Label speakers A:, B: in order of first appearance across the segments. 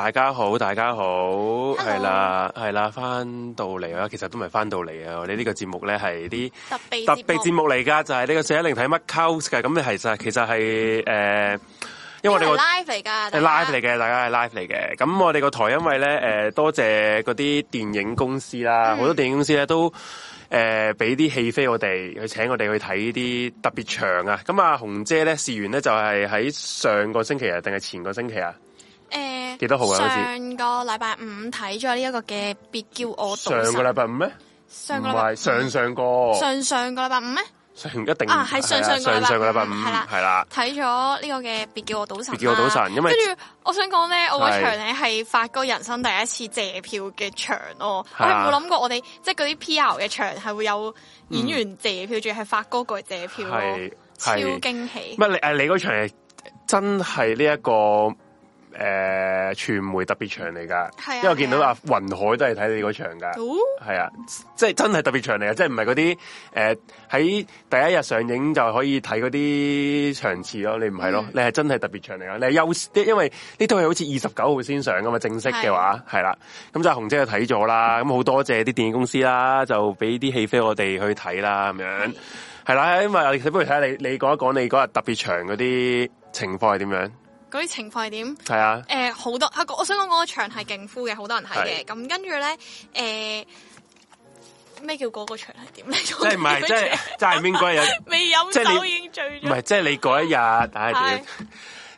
A: 大家好，大家好，係啦 Hello.，係啦，翻到嚟啦，其實都唔係翻到嚟啊！我哋呢我個節目咧係啲特別節目嚟噶，就係、是、呢個四一零睇乜 Cult 㗎。咁其實其實係誒、呃，因為我哋係 live 嚟噶，live 嚟嘅，大家係 live 嚟嘅。咁我哋個台因為咧誒、呃，多謝嗰啲電影公司啦，好、嗯、多電影公司咧都誒俾啲戲飛我哋去請我哋去睇啲特別場啊！咁啊，紅姐咧試完咧就係、是、喺上個星期啊，定係前個星期啊？幾多號啊？上
B: 個禮拜五睇咗呢一個嘅別叫我賭神。上個禮拜五咩？上個禮拜
A: 上上個上
B: 上個禮拜五咩？
A: 上一定係上上個禮拜五係啦。
B: 睇咗呢個嘅別叫我賭神。別叫我賭神，因為跟住我想講咧，我嗰場咧係發哥人生第一次借票嘅場咯。我係冇諗過，我哋即係嗰啲 P. R. 嘅場係會有演員借票，仲要係發哥過借票，超驚喜。唔
A: 係你誒，你嗰場真係呢一個。誒，傳、呃、媒特別長嚟噶，啊、因為我見到啊雲海都係睇你嗰場噶，係啊，即係真係特別長嚟啊，即係唔係嗰啲誒喺第一日上映就可以睇嗰啲場次咯，你唔係咯，你係真係特別長嚟啊，你係優，因為呢套係好似二十九號先上噶嘛，正式嘅話係啦，咁是、啊、就紅姐就睇咗啦，咁好多謝啲電影公司啦，就俾啲戲飛我哋去睇啦，咁樣係啦，因為不如睇下你你講一講你嗰日特別長嗰啲情況係點樣的？
B: 嗰啲情況係點？係是啊、呃！好多，我我想講嗰個場係勁呼嘅，好多人睇嘅。咁跟住咧，誒咩、呃、叫嗰個場咧？點咧？即係唔係？即係即係邊個有未飲酒已經醉咗唔係，即係、
A: 就是、你嗰一日係點？但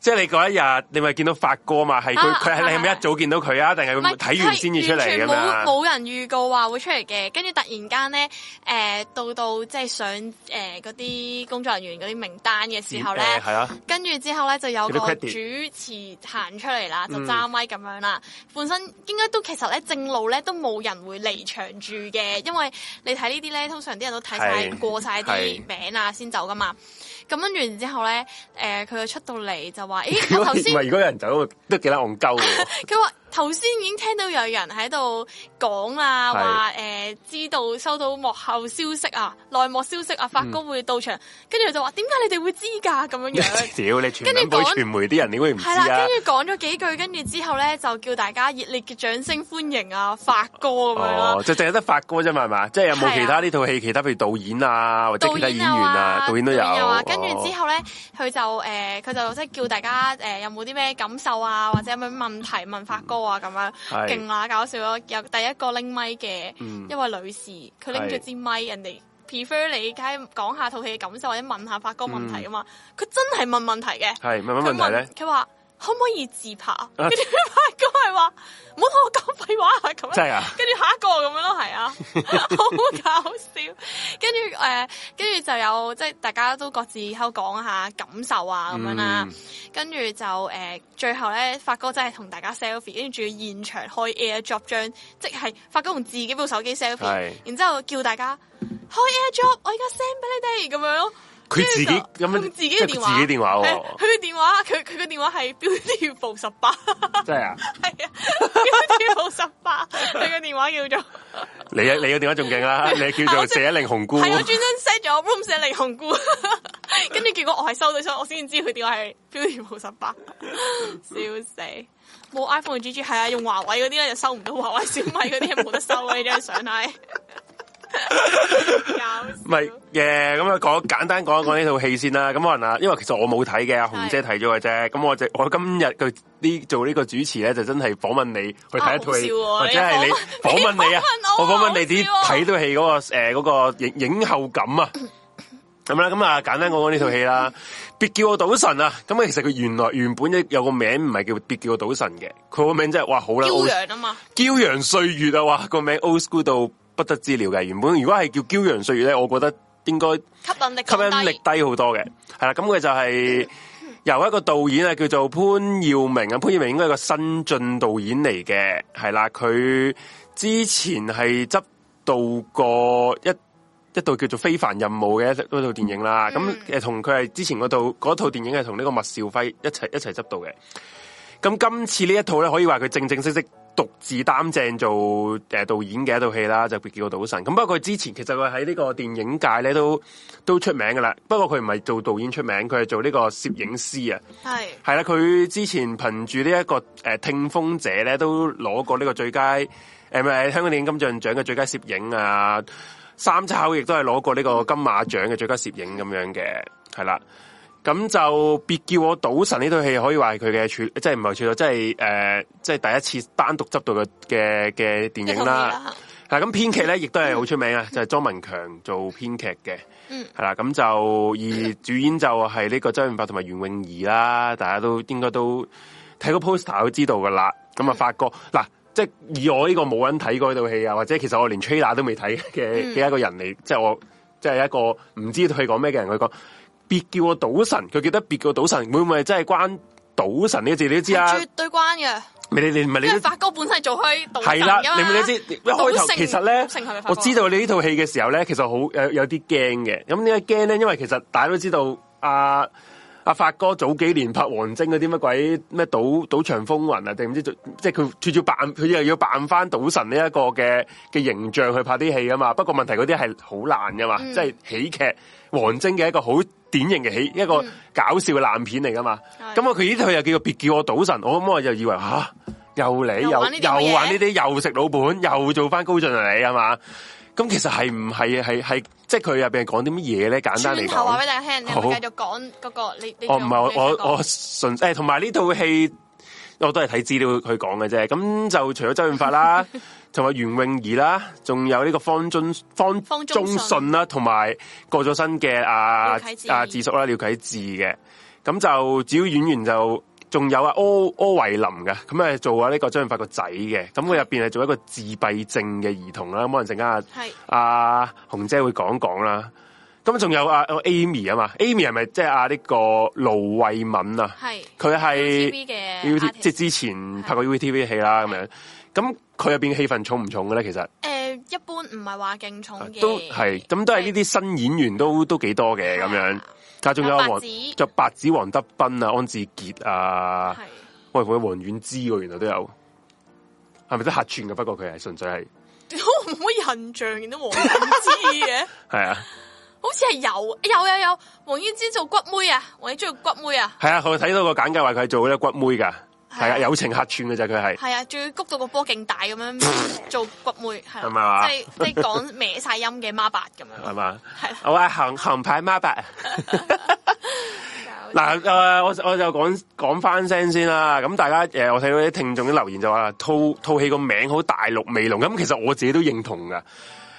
A: 即係你嗰一日，你咪見到發哥嘛？係佢佢係你係咪一早見到佢啊？定係睇完先至出嚟唔係，係完全冇冇
B: 人預告話會出嚟嘅。跟住突然間咧，誒、呃，到到即係上誒嗰啲工作人員嗰啲名單嘅時候咧，係啊、嗯。跟、呃、住、嗯、之後咧就有個主持行出嚟啦，嗯、來就揸咪咁樣啦。本身應該都其實咧正路咧都冇人會離場住嘅，因為你睇呢啲咧，通常啲人都睇晒的過晒啲名啊，先走噶嘛。咁跟住然之後咧，誒、呃、佢就出到嚟就話，咦，我頭先，唔係，如果有
A: 人走都都幾拉戇鳩
B: 嘅。佢話頭先已經聽到有人喺度。講啊，話誒、欸、知道收到幕後消息啊，內幕消息啊，發哥會到場，跟住佢就話，點解你哋會知噶咁樣樣？
A: 少 你傳全面 媒傳媒啲人點會唔知啊？係啦，跟住
B: 講咗幾句，跟住之後咧就叫大家熱烈嘅掌聲歡迎啊，發哥咁樣啦、啊。即係
A: 淨係得發哥啫嘛，係嘛？即、就、係、是、有冇其他呢套戲？其他譬如導演啊，或者其他演員啊，導演，啊導演都有。啊。跟住之後
B: 咧，佢就誒，佢、呃、就即係叫大家誒、呃呃，有冇啲咩感受啊？或者有冇問題問發哥啊？咁樣勁啊，搞笑咯、啊！有第一。一個拎咪嘅一位女士，佢拎住支咪，是人哋 prefer 你解講下套戲嘅感受，或者問下發哥問題啊嘛。佢、嗯、真係問問題嘅，係
A: 咩問，問題咧？佢
B: 話。可唔可以自拍？跟住發哥係話：唔好同我講廢話啊！咁樣係啊！跟住下一個咁樣咯，係啊， 好搞笑。跟住誒，跟、呃、住就有即係大家都各自喺度講下感受啊咁樣啦、啊。跟住、嗯、就誒、呃，最後咧發哥真係同大家 selfie，跟住仲要現場開 airdrop 張，即係發哥用自己部手機 selfie，是然之後叫大家開 airdrop，我而家 send 俾你哋咁樣。
A: 佢自己咁樣，用自己嘅電話，即係自己電話。佢嘅
B: 電話、哦、電話，佢佢嘅電話係 beautiful 十八。 真係啊！係啊
A: ，beautiful
B: 十八，佢嘅 電話叫做你。
A: 你啊，你嘅電話仲勁啊！ 你叫做四一零紅姑。係啊，專
B: 登 set 咗 room 四一零紅姑。跟住結果我係收到咗，所以我先知佢電話係 beautiful 十八。 笑死！冇 iPhone 嘅 G G 係啊，用華為嗰啲咧就收唔到，華為、小米嗰啲冇得收啊！呢張相係。
A: 唔係嘅，咁啊講簡單講一講呢套戲先啦。咁可能啊，因為其實我冇睇嘅，阿紅姐睇咗嘅啫。咁我就我今日佢呢做呢個主持咧，就真係訪問你去睇一套戲，或者係你訪問你啊，我訪問你啲睇套戲嗰個誒嗰個影影後感啊。咁啦，咁啊簡單講講呢套戲啦。別叫我賭神啊！咁啊，其實佢原來原本有個名唔係叫別叫我賭神嘅，佢個名真係哇好啦，驕陽啊嘛，驕陽歲月啊，哇個名 old school 到。不得治療嘅，原本如果係叫驕陽歲月咧，我覺得應該吸引力吸引力低好多嘅，係啦。咁佢就係由一個導演啊，叫做潘耀明啊，潘耀明應該係個新晉導演嚟嘅，係啦。佢之前係執導過一一套叫做非凡任務嘅一套電影啦。咁誒、嗯，同佢係之前嗰套嗰套電影係同呢個麥兆輝一齊一齊執導嘅。咁今次一呢一套咧，可以話佢正正式式。獨自擔正做誒導演嘅一套戲啦，就叫《叫賭神》。咁不過佢之前其實佢喺呢個電影界咧都都出名噶啦。不過佢唔係做導演出名，佢係做呢個攝影師啊。係係啦，佢之前憑住呢一個誒、呃、聽風者咧，都攞過呢個最佳誒、呃、香港電影金像獎嘅最佳攝影啊。三岔口亦都係攞過呢個金馬獎嘅最佳攝影咁樣嘅，係啦。咁就別叫我賭神呢套戲可以話係佢嘅處，即係唔係處到，即係誒、呃，即係第一次單獨執到嘅嘅嘅電影啦。嗱、啊，咁編劇咧亦都係好出名啊，就係莊文強做編劇嘅。嗯，係啦，咁、嗯、就而主演就係呢個周潤發同埋袁詠儀啦，大家都應該都睇個 poster 都知道噶啦。咁、嗯、啊，發覺嗱，即係以我呢個冇人睇過呢套戲啊，或者其實我連 trailer 都未睇嘅嘅一個人嚟、嗯，即係我即係一個唔知道佢講咩嘅人佢講。別叫我賭神，佢記得別叫賭神會唔會真係關賭神呢個字？你都知啊，絕
B: 對關
A: 嘅。你哋你唔係你發
B: 哥本身係做開賭神啦，你唔知一開頭勝其實咧，是是我知道你
A: 呢套戲嘅時候咧，其實好有有啲驚嘅。咁點解驚咧？因為其實大家都知道啊、呃阿發哥早幾年拍王晶嗰啲乜鬼咩賭賭場風雲啊，定唔知即係佢照扮佢又要扮翻賭神呢一個嘅嘅形象去拍啲戲噶嘛？不過問題嗰啲係好爛噶嘛，嗯、即係喜劇王晶嘅一個好典型嘅喜一個搞笑嘅爛片嚟噶嘛？咁啊佢呢佢又叫別叫我賭神，我咁我就以為吓、啊、又嚟又又玩呢啲又食老本又做翻高進嚟係嘛？咁其實係唔係啊？係係即係佢入邊講啲乜嘢咧？簡單嚟講，先頭話俾大家聽，你是是那個、好繼
B: 續講嗰個你哦，唔係我我我
A: 純誒，同埋呢套戲我都係睇資料佢講嘅啫。咁就除咗周潤發啦，同埋 袁詠儀啦，仲有呢個方中方中信啦，同埋過咗身嘅啊智啊智叔啦，廖啟智嘅。咁就主要演員就。仲有啊，柯柯煒林嘅，咁啊做啊呢個張潤發個仔嘅，咁佢入邊係做一個自閉症嘅兒童啦，咁可能陣間啊，係啊紅姐會講講啦。咁仲有啊，阿 Amy 啊嘛，Amy 係咪即係啊呢個盧慧敏啊？係是，佢係嘅即係之前拍過 U T V 戲啦咁是樣。咁佢入邊戲份重唔重嘅咧？其實。
B: 一般唔係話勁重嘅，啊，都
A: 係咁都係呢啲新演員都都幾多嘅咁樣，但係仲有黃就白子黃德斌啊，安志杰啊，是喂喂王菀之，原來都有，係咪都客串嘅？不過佢係純粹係，
B: 唔可以印象見到王菀之嘅，係啊， 好似係有有有有王菀之做骨妹啊，王菀之做骨
A: 妹啊，係啊，我睇到個簡介話佢係做呢骨妹噶。係啊，友情客串嘅啫，佢係。係啊，
B: 仲要谷到個波勁大咁樣做骨妹，係
A: 咪啊？即係即係講歪晒音嘅孖八咁樣。係嘛？係。好啊，我係橫橫派孖八。嗱，誒，我我就講講翻聲先啦。咁大家誒，我睇到啲聽眾嘅留言就話套套戲個名好大陸味濃。咁其實我自己都認同噶。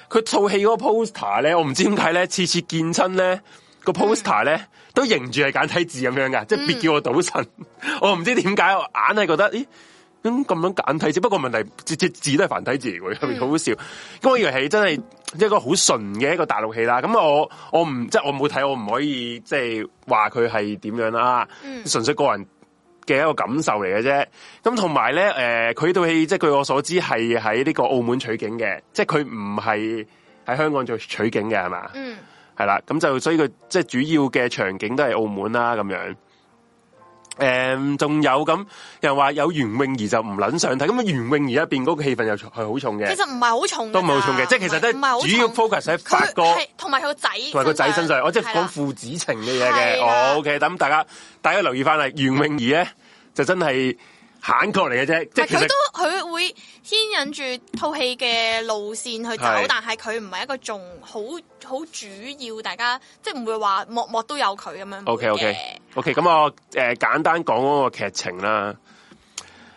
A: 佢套戲嗰個 poster 咧，我唔知點解咧，次次見親咧個 poster 咧。都認住係簡體字咁樣噶，即係別叫我賭神。嗯、 我唔知點解，我硬係覺得，咦咁咁樣簡體字。不過問題，只只字都係繁體字，嚟好好笑。咁我以為係真係一個好純嘅一個大陸戲啦。咁我我唔即係我冇睇，我唔可以即係話佢係點樣啦。嗯，純粹個人嘅一個感受嚟嘅啫。咁同埋咧，誒、呃，佢呢套戲即係據我所知係喺呢個澳門取景嘅，即係佢唔係喺香港做取景嘅係嘛？是嗯。係啦，咁就所以佢即係主要嘅場景都係澳門啦，啊，咁樣，誒、嗯，仲有咁又話有袁詠儀就唔捻上睇，咁袁詠儀一邊嗰個氣氛又係好重嘅，其實
B: 唔係好重，都唔係好重嘅，即係其實都係主要
A: focus 喺發哥
B: 同埋佢個仔同埋個仔身上，我上即係講
A: 父子情嘅嘢嘅。的 OK，咁大家大家留意翻啦，袁詠儀咧就真係閒角嚟嘅啫，但即係佢都
B: 佢會。牽引住套戲嘅路線去走，但係佢唔係一個仲好好主要，大家即係唔會話幕幕都有佢咁樣。OK OK、
A: 嗯、OK，咁、嗯、我誒、呃、簡單講嗰個劇情啦。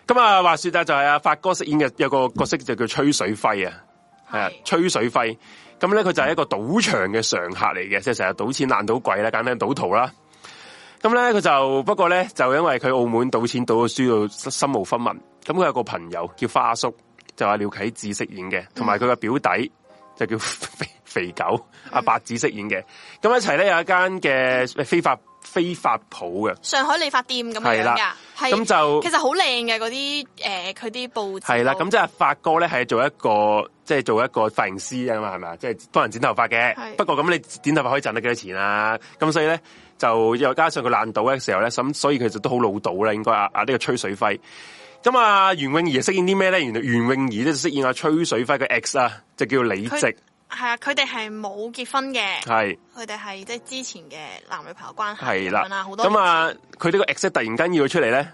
A: 咁、嗯、啊，話說得就係阿發哥飾演嘅有個角色就叫吹水輝啊，係啊是，吹水輝。咁咧佢就係一個賭場嘅常客嚟嘅，即係成日賭錢爛賭鬼啦，簡單賭徒啦。咁咧佢就不過咧就因為佢澳門賭錢賭到輸到身無分文。咁佢有個朋友叫花叔，就係廖啟智飾演嘅，同埋佢嘅表弟、嗯、就叫肥肥狗阿白隻飾演嘅。咁一齊咧有一間嘅非法、嗯、非法鋪嘅
B: 上海理髮店咁樣噶係咁就其實好靚嘅嗰啲誒，佢啲、呃、布係啦。
A: 咁即係發哥咧係做一個即係做一個髮型師啊嘛，係咪啊？即係幫人剪頭髮嘅。是的 不過咁你剪頭髮可以賺得幾多錢啊？咁所以咧就又加上佢爛賭嘅時候咧，咁所以其實都好老賭啦。應該啊啊呢個吹水輝。咁啊，袁詠儀飾演啲咩咧？原來袁詠儀就飾演阿崔水輝嘅 X 啊，就叫李夕。
B: 係啊，佢哋係冇結婚嘅，係佢哋係即係之前嘅男女朋友關係。係啦，好多咁啊，
A: 佢呢、啊、個 X、啊、突然間要佢出嚟咧，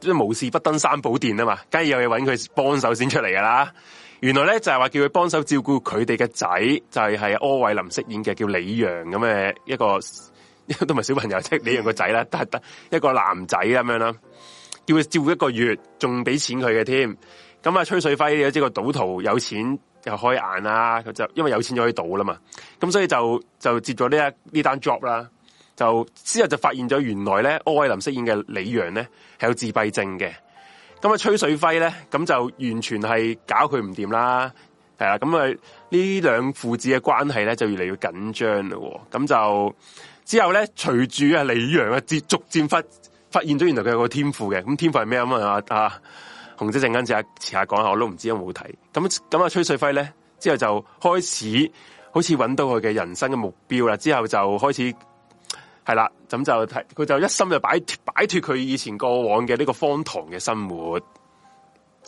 A: 即係無事不登三寶殿啊嘛，梗係有嘢揾佢幫手先出嚟噶啦。原來咧就係話叫佢幫手照顧佢哋嘅仔，就係、是、阿、就是、柯偉林飾演嘅叫李陽咁嘅一個，都唔係小朋友，即、就、係、是、李陽個仔啦，得得、嗯、一個男仔咁樣啦、啊。叫佢照一個月，仲俾錢佢嘅添。咁啊，吹水輝，即係個賭徒，有錢又開眼啦。佢就因為有錢，就可以賭啦嘛。咁所以就就接咗呢一呢單 job 啦。就之後就發現咗原來咧，柯煒林飾演嘅李陽咧係有自閉症嘅。咁啊，吹水輝咧，咁就完全係搞佢唔掂啦。係啦，咁啊，呢兩父子嘅關係咧就越嚟越緊張咯。咁就之後咧，隨住啊李陽嘅接逐漸忽。發現咗原來佢有個天賦嘅，咁天賦係咩啊？嘛、嗯、啊，洪姐陣間接下，遲下講下，我都唔知有冇睇。咁咁阿崔瑞輝咧，之後就開始，好似揾到佢嘅人生嘅目標啦。之後就開始係啦，咁就佢就一心就擺脫擺脫佢以前過往嘅呢個荒唐嘅生活，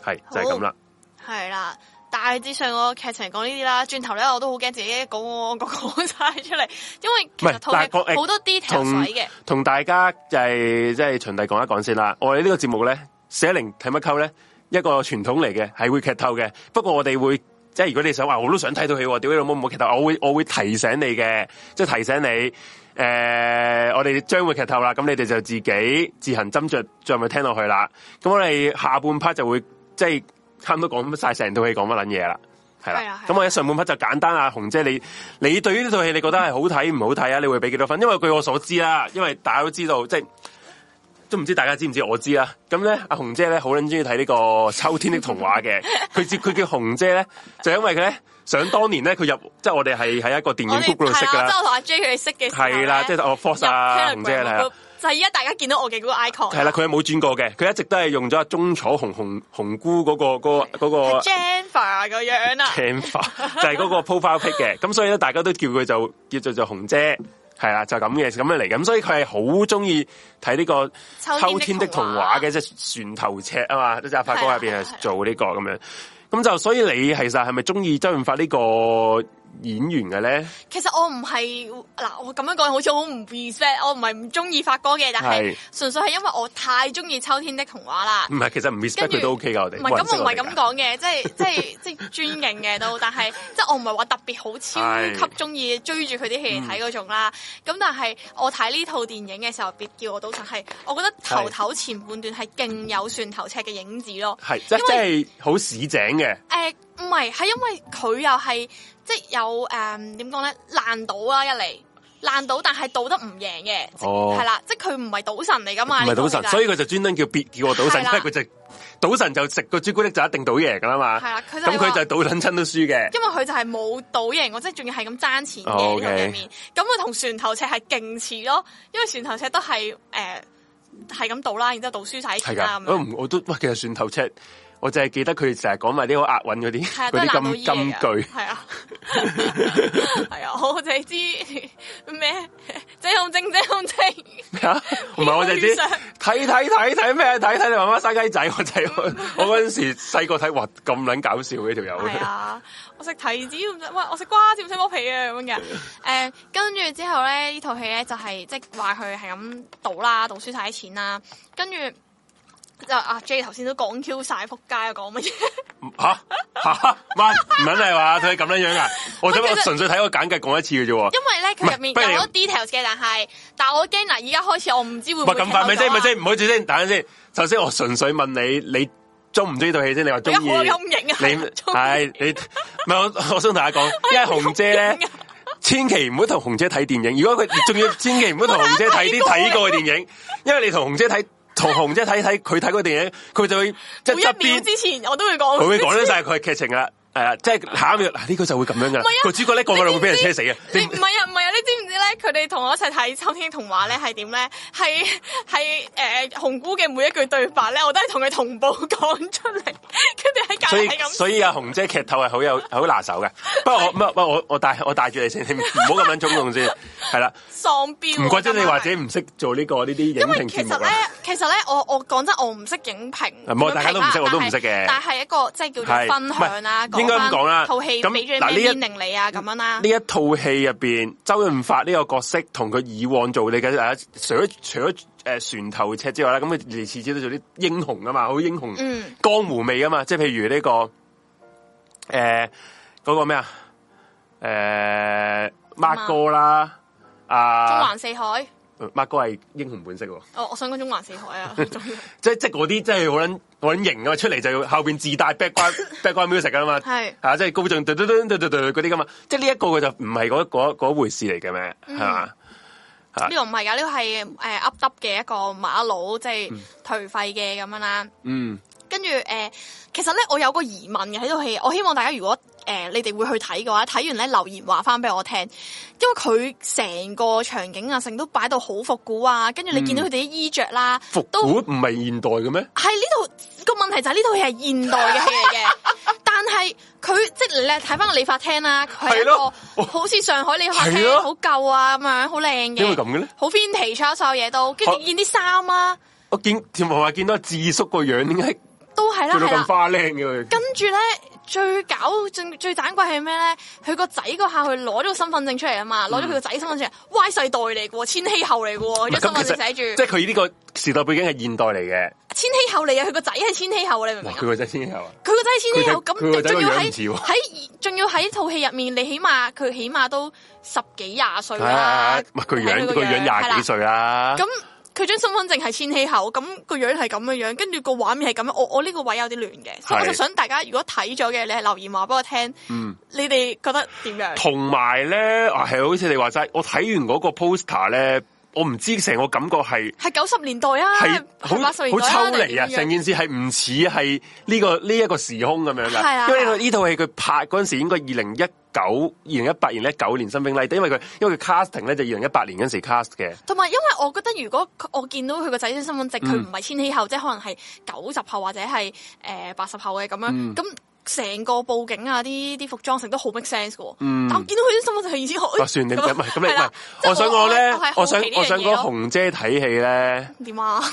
A: 係就係咁啦，
B: 係啦。大致上個劇情講呢啲啦，轉頭咧我都好驚自己講我個講晒出嚟，因為其實好多 detail 嘅。
A: 同大家就係即係循例講一講先啦。我哋呢個節目咧，410睇乜 Cult 咧，一個傳統嚟嘅係會劇透嘅。不過我哋會即係如果你想話、啊、我都想睇到戲，屌你老母唔好劇透，我會我會提醒你嘅，即係提醒你。誒、呃，我哋將會劇透啦，咁你哋就自己自行斟酌，再咪聽落去啦。咁我哋下半 part 就會即係。差唔多講晒成套戲講乜捻嘢啦，係啦，咁我一上半 part 就簡單啊，紅姐你你對於呢套戲你覺得係好睇唔好睇啊？你會俾幾多分？因為據我所知啦，因為大家都知道，即係都唔知大家知唔知我知啦。咁、嗯、咧，阿紅姐咧好捻中意睇呢個《秋天的童話》嘅， 佢接佢叫紅姐咧，就因為佢咧想當年咧佢入 即係我哋係喺一個電影 group 度識噶啦，
B: 我同阿 J 佢哋識嘅，係啦，
A: 即係我 force、啊、紅姐係啦。
B: 就依家大家見到我嘅嗰個 icon，係啦，
A: 佢係冇轉過嘅，佢一直都係用咗鍾楚紅紅紅姑嗰、嗰個嗰、嗰個嗰、嗰個
B: Jennifer
A: 個樣啦。Jennifer 就係嗰個 profile pic 嘅，咁 所以大家都叫佢就叫做，做紅姐，係啦，就咁嘅咁樣嚟，咁所以佢係好鍾意睇呢個秋天的童話嘅，即船頭尺啊嘛，即係阿發哥入邊係做呢、這個咁樣，咁就所以你其實係咪鍾意周潤發呢、這個？演員嘅咧，
B: 其實我唔係嗱，我咁樣講好似好唔 respect，我唔係唔中意發哥嘅，是但係純粹係因為我太中意秋天的童話啦。唔係，
A: 其實唔 respect 都 OK 噶，後我哋唔係咁，我唔係咁
B: 講嘅，即係即係即係尊敬嘅都，但係即係我唔係話特別好超級中意追住佢啲戲嚟睇嗰種啦。咁是但係我睇呢套電影嘅時候，別叫我賭神，係，我覺得頭頭前半段係勁有船頭尺嘅影子咯。即係為即係
A: 好市井嘅。誒、
B: 呃。唔係，係因為佢又係即係有誒點講咧，爛賭啦一嚟，爛賭但係賭得唔贏嘅，係啦，即係佢唔係賭神嚟噶嘛，唔係賭神，就是、所以佢
A: 就專登叫別叫我賭神，的因為佢就賭、是、神就食個朱古力就一定賭贏噶啦嘛，係啦，咁佢就賭親都輸嘅，因
B: 為佢就係冇賭贏，我即係仲要係咁爭錢嘅面，咁佢同船頭尺係勁似咯，因為船頭尺都係誒係咁賭啦，然之後賭輸晒錢我都，
A: 我都，其實船頭尺。我就係記得佢成日講埋呢個好押韻嗰啲，佢金金句係啊，
B: 係啊， 我就係知咩？仔好精，精，好精咩
A: 精。唔係我就知睇睇睇睇咩？睇睇你媽媽生雞仔，我睇我嗰陣時細個睇，哇咁撚搞笑呢條友！啊的， 我食
B: 提子，唔喂，我食瓜子唔使剝皮啊咁嘅。誒、嗯，跟住之後咧，呢套戲咧就係、是、即係話佢係咁賭啦，賭輸晒啲錢啦，跟住。就阿 J 頭先都講 Q 晒，撲街
A: 講乜嘢？吓吓，唔肯唔係話佢係咁樣樣噶？我、 啊啊、我純粹睇個簡介講一次嘅啫喎。因
B: 為咧佢入面不有好多 details 嘅不，但係但我驚嗱，而家開始我唔知會唔會，唔係咁快，咪先咪先，
A: 唔好住先，等陣先。首先我純粹問你，你中唔中意套戲先？你話中意？有陰影。你係、啊、你唔係我？我想同大家講，因為紅姐咧，千祈唔好同紅姐睇電影。如果佢仲要，千祈唔好同紅姐睇啲睇過嘅電影，因為你同紅姐睇。同紅即係睇睇佢睇嗰電影，佢就會每一秒之
B: 前，我都會講，佢會講得晒佢嘅
A: 劇情啦。 誒，即係下一個，嗱呢個就會咁樣噶啦。個主角咧個個就會俾人車死嘅。你
B: 唔係啊唔係啊，你知唔知咧？佢哋同我一齊睇《秋天童話》咧，係點咧？係係誒，紅姑嘅每一句對白咧，我都係同佢同步講出嚟，
A: 跟住喺隔籬。所以所以啊，紅姐劇透係好有好拿手嘅。不過我乜乜我我帶我帶住你先，唔好咁樣衝動先，係啦。
B: 喪標。唔怪之你話
A: 自己唔識做呢個呢啲影評節目啦。因為
B: 其實咧，其實咧，我我講真，我唔識影評。大家都唔識，我都唔識嘅。但係一個即係叫做分享啦。應該咁講啦，套戲嗱呢一
A: 套戲入邊，周潤發呢個角色同佢以往做你嘅誒，除咗除咗誒、呃、船頭尺之外啦，咁佢次次都做啲英雄啊嘛，好英雄，嗯、江湖味啊嘛，即係譬如呢、這個誒嗰、呃那個咩啊誒 Mark 哥啦啊。中馬哥係英雄本色喎。
B: 哦，我想講《縱橫四海》啊，
A: 即即嗰啲即係好捻好捻型啊，出嚟就要後邊自帶 background music 噶嘛。係啊，即係高進嘟嘟嘟嘟嘟嗰啲噶嘛。即係呢一個佢就唔係嗰回事嚟嘅咩？係嘛？呢個唔
B: 係噶，呢個係誒凹凸嘅一個馬佬，即係頹廢嘅咁樣啦。嗯。跟住誒，其實咧我有個疑問嘅喺套戲，我希望大家如果誒、呃、你哋會去睇嘅話，睇完咧留言話翻俾我聽。因為佢成個場景啊，成都擺到好復古啊，跟住你見到佢哋啲衣着啦，復、嗯、都唔
A: 係現代嘅咩？
B: 係呢度，個問題就係呢套戲係現代嘅戲嚟嘅， 但係佢即係咧睇翻個理髮廳啦，係一個的好似上海理髮廳好舊啊咁樣，好靚嘅，點會咁嘅咧？好偏 a 所有嘢都，跟住見啲衫啊，見
A: 啊我見條毛話見到智叔個樣點解？係啦，咁花靚嘅。
B: 跟住咧，最搞最最盞鬼係咩咧？佢個仔嗰下去攞咗個身份證出嚟啊嘛，攞咗佢個仔身份證，歪世代嚟嘅，千禧後嚟嘅，張身份證寫住。即係佢
A: 呢個時代背景係現代嚟嘅，
B: 千禧後嚟啊！佢個仔係千禧後，你明唔
A: 明？
B: 佢個仔千禧後，佢個仔千禧後，咁仲要喺仲要喺套戲入面，你起碼佢起碼都十幾廿歲啦。乜佢樣佢樣廿幾歲啊？咁。佢張身份證係千禧後，咁個樣係咁嘅樣，跟住個畫面係咁，我我呢個位有啲亂嘅，是所以我就想大家如果睇咗嘅，你係留言話俾我聽，嗯、你哋覺得點樣？同
A: 埋咧，係、啊、好似你話齋，我睇完嗰個 poster 咧。我唔知成個感覺係，
B: 係九十年代啊，係好好抽離啊，成件事係唔
A: 似係呢個呢一個時空咁樣噶係、啊 like。因為呢呢套戲佢拍嗰陣時應該二零一九二零一八年一九年新兵嚟，但因為佢因為佢 casting 咧就二零一八年嗰陣時 cast 嘅。
B: 同埋因為我覺得如果我見到佢個仔張身份證佢唔係千禧後，嗯、即係可能係九十後或者係誒八十後嘅咁樣咁。嗯成個佈景啊，啲啲服裝成都好 make sense 嘅喎。嗯，但我見到佢啲衫就係以前可。算你咁啊，咁你我，我想我咧，我想我想講紅
A: 姐睇戲咧。
B: 點
A: 樣啊？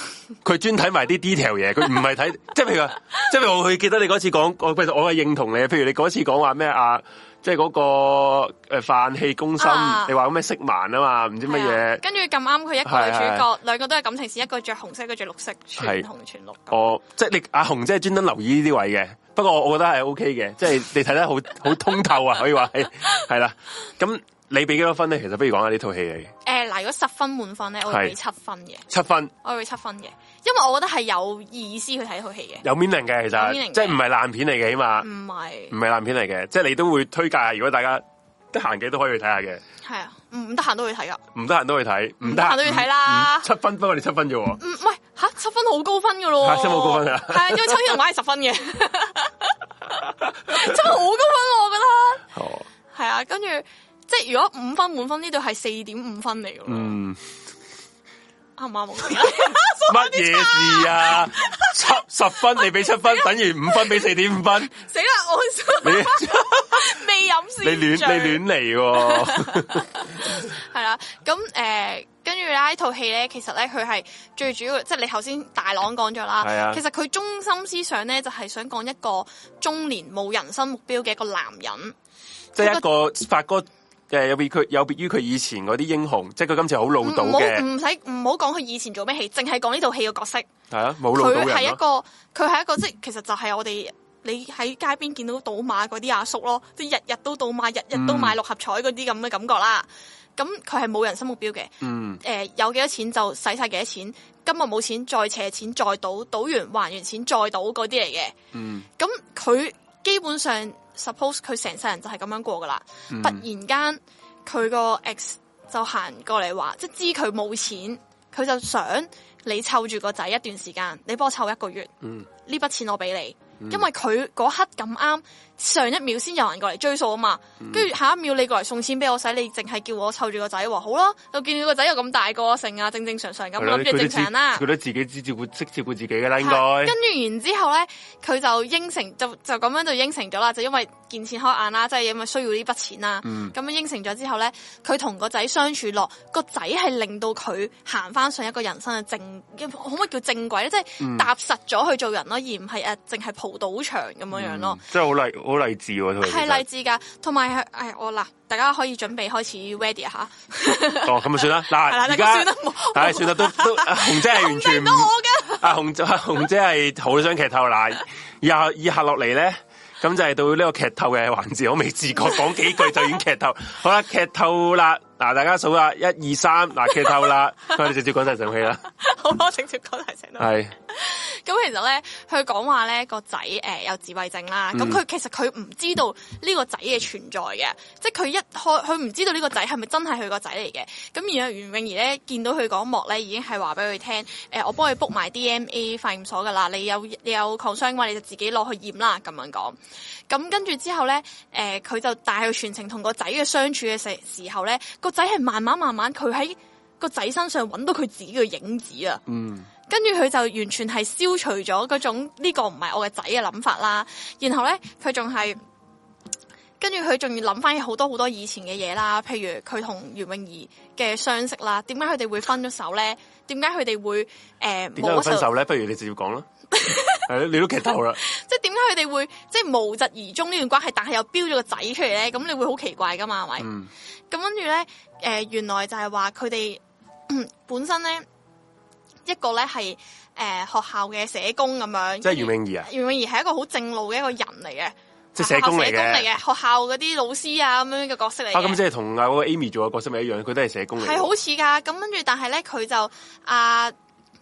A: 佢 專睇埋啲 detail 嘢，佢唔係睇，即係譬如，即係 我會記得你嗰次講，我我係認同你，譬如你嗰次講話咩啊？即係嗰、那個飯、呃、氣攻心，啊、你話咁咩色盲啊嘛？唔知乜嘢、啊。跟
B: 住咁啱佢一個女主角，是是是兩個都係感情線，一個着紅色，一個着綠色，全紅
A: 全綠。哦，即係你阿紅即係專登留意呢啲位嘅。不過我，我覺得係 O K 嘅，即係你睇得好好 通透啊，可以話係係啦。咁。你俾幾多分咧？其實不如講下呢套戲嚟嘅。誒，
B: 嗱，如果十分滿分咧，我俾七分嘅。
A: 七分。
B: 我會俾七分嘅，因為我覺得係有意思去睇套戲嘅。
A: 有 meaning 嘅，其實即係唔係爛片嚟嘅，起碼。唔係。唔係爛片嚟嘅，即係你都會推介。如果大家得閒嘅都可以去睇下嘅。係啊，
B: 唔得閒都會睇
A: 啊。唔得閒都會睇，唔得閒都會睇啦。七分分我哋七分啫。唔，
B: 喂，吓七分好高分噶咯。七分好高分
A: 啊！係啊，因為秋天同
B: 我係十分嘅。七分好高分我覺得！好。係啊，跟住。即係如果五分滿分呢度係四點五分嚟嘅咯，啱唔啱啊？
A: 乜嘢事啊？七 十分你俾七分，等於五分俾四點五分，
B: 死啦！我 你未飲先，你亂你亂嚟
A: 喎。
B: 係啦，咁、呃、誒，跟住咧，戲，呢套戲咧，其實咧，佢係最主要，即係你頭先大朗講咗啦。係是啊，其實佢中心思想咧，就係、是、想講一個中年冇人生目標嘅一個男人，
A: 即係一個發哥。Yeah, 有別佢有別於佢以前嗰啲英雄，即係佢今次好老道。唔好唔
B: 使唔好講佢以前做咩戲，淨係講呢套戲嘅角色。
A: 係啊、yeah,，冇老道嘅。佢係一個，
B: 佢係一個，即係其實就係我哋你喺街邊見到賭馬嗰啲阿叔咯，即係日日都賭馬，日日都買六合彩嗰啲咁嘅感覺啦。咁佢係冇人生目標嘅。嗯。誒、呃，有幾多錢就使晒幾多錢，今日冇錢再借錢再賭，賭完還完錢再賭嗰啲嚟嘅。嗯。咁佢基本上。suppose 佢成世人就係咁樣過噶啦，嗯、突然間佢個 ex 就行過嚟話，即係知佢冇錢，佢就想你湊住個仔一段時間，你幫我湊一個月，呢、嗯、筆錢我俾你，嗯、因為佢嗰刻咁啱。上一秒先有人過嚟追數啊嘛，跟住下一秒你過嚟送錢俾我使，你淨係叫我湊住個仔，話好啦，又見到個仔又咁大個，性啊正正常常咁諗住正常啦。佢
A: 都自己知照顧，識照顧自己噶啦，啊、應該。跟
B: 住完之後咧，佢就應承，就就咁樣就應承咗啦，就因為見錢開眼啦，即係因為需要呢筆錢啦。咁、嗯、樣應承咗之後咧，佢同個仔相處落，個仔係令到佢行翻上一個人生嘅正，可唔可以叫正軌咧？即、就、係、是、踏實咗去做人咯，而唔係誒淨係蒲賭場咁樣樣咯。
A: 即係好叻。好勵志喎，佢係勵
B: 志噶，同埋係，誒、哎、我嗱，大家可以準備開始 ready 吓。
A: 哦，咁就算啦，嗱，大家， 但係算啦，都都、啊，紅姐係完全唔到我㗎、 啊。啊紅啊紅姐係好想劇透，嗱，以下以下落嚟咧，咁就係到呢個劇透嘅環節，我未自覺講幾句就已經劇透，好啦，劇透啦。嗱，大家數下，一二三，嗱，劇透啦，你直接講晒成戲啦。
B: 好，我直接講大城係。咁其實咧，佢講話咧個仔誒有自閉症啦，咁佢、嗯、其實佢唔知道呢個仔嘅存在嘅，即係佢一開佢唔知道個是是呢個仔係咪真係佢個仔嚟嘅。咁而阿袁詠儀咧見到佢嗰幕咧，已經係話俾佢聽，誒、呃，我幫佢 book 埋 D N A 化驗所噶啦，你有你有抗傷嘅話，你就自己落去驗啦，咁樣講。咁跟住之後咧，誒、呃，佢就帶佢全程同個仔嘅相處嘅時時候咧。個仔係慢慢慢慢，佢喺個仔身上揾到佢自己嘅影子啊！嗯，跟住佢就完全係消除咗嗰種呢，呢個唔係我嘅仔嘅諗法啦。然後咧，佢仲係跟住佢仲要諗翻好多好多以前嘅嘢啦，譬如佢同袁詠儀嘅相識啦，點解佢哋會分咗手咧？點解佢哋會誒？點、呃、解會分手
A: 咧？不如你直接講啦。係你都劇透啦，
B: 即係點解佢哋會即係無疾而終呢段關係？但係又標咗個仔出嚟咧，咁你會好奇怪噶嘛？係咪、
A: 嗯？
B: 咁跟住咧，誒，原來就係話佢哋本身咧一個咧係誒學校嘅社工咁樣，即係袁詠儀啊？袁詠儀係一個好正路嘅一個人嚟嘅，
A: 即係社工嚟嘅，
B: 學校嗰啲、啊、老師啊咁樣嘅角色嚟、啊嗯。啊，咁即係
A: 同阿 Amy 做嘅角色咪一樣？佢都係社工嚟，係
B: 好似噶。咁跟住，但係咧佢就啊。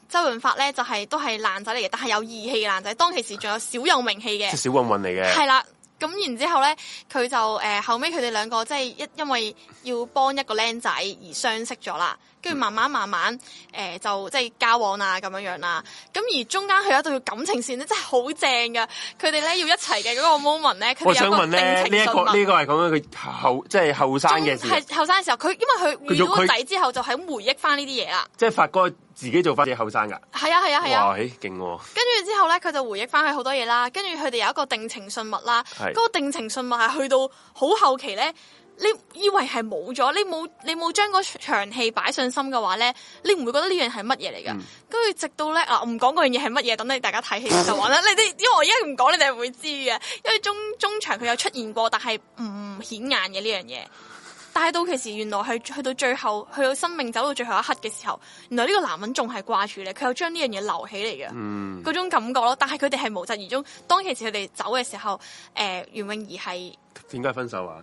B: 周潤發咧就係、是、都係爛仔嚟嘅，但係有義氣嘅爛仔，當其時仲有小有名氣嘅，即係小混混嚟嘅。係啦，咁然之後咧，佢就誒、呃、後尾佢哋兩個即係一因為要幫一個僆仔而相識咗啦。跟住慢慢慢慢，呃、就即係交往啊，咁樣樣、啊、啦。咁而中間佢有一段感情線咧，真係好正噶。佢哋咧要一齊嘅嗰個 moment 咧，佢有個定情信物。想問咧呢一個呢個
A: 係講緊佢後即係後生嘅時，係
B: 後生嘅時候。佢因為佢遇到個仔之後，就係咁回憶翻呢啲嘢啦。
A: 即係發哥自己做翻啲後生㗎。
B: 係啊係啊係啊！哇，
A: 勁喎！
B: 跟住之後咧，佢就回憶翻佢好多嘢啦。跟住佢哋有一個定情信物啦。嗰個定情信物係是去到好後期咧。你以為係冇咗，你冇你冇將嗰場戲擺上心嘅話咧，你唔會覺得呢樣係乜嘢嚟嘅。跟住、嗯、直到咧啊，我唔講嗰樣嘢係乜嘢，等你大家睇戲就話啦。 你哋因為我一唔講，你哋係會知嘅。因為中中場佢有出現過，但係唔顯眼嘅呢樣嘢。但係到其實原來係去，去到最後，去到生命走到最後一刻嘅時候，原來呢個男人仲係掛住你，佢又將呢樣嘢留起嚟嘅嗰種感覺咯。但係佢哋係無疾而終。當其時佢哋走嘅時候，誒、呃、袁詠儀係
A: 點解分手啊？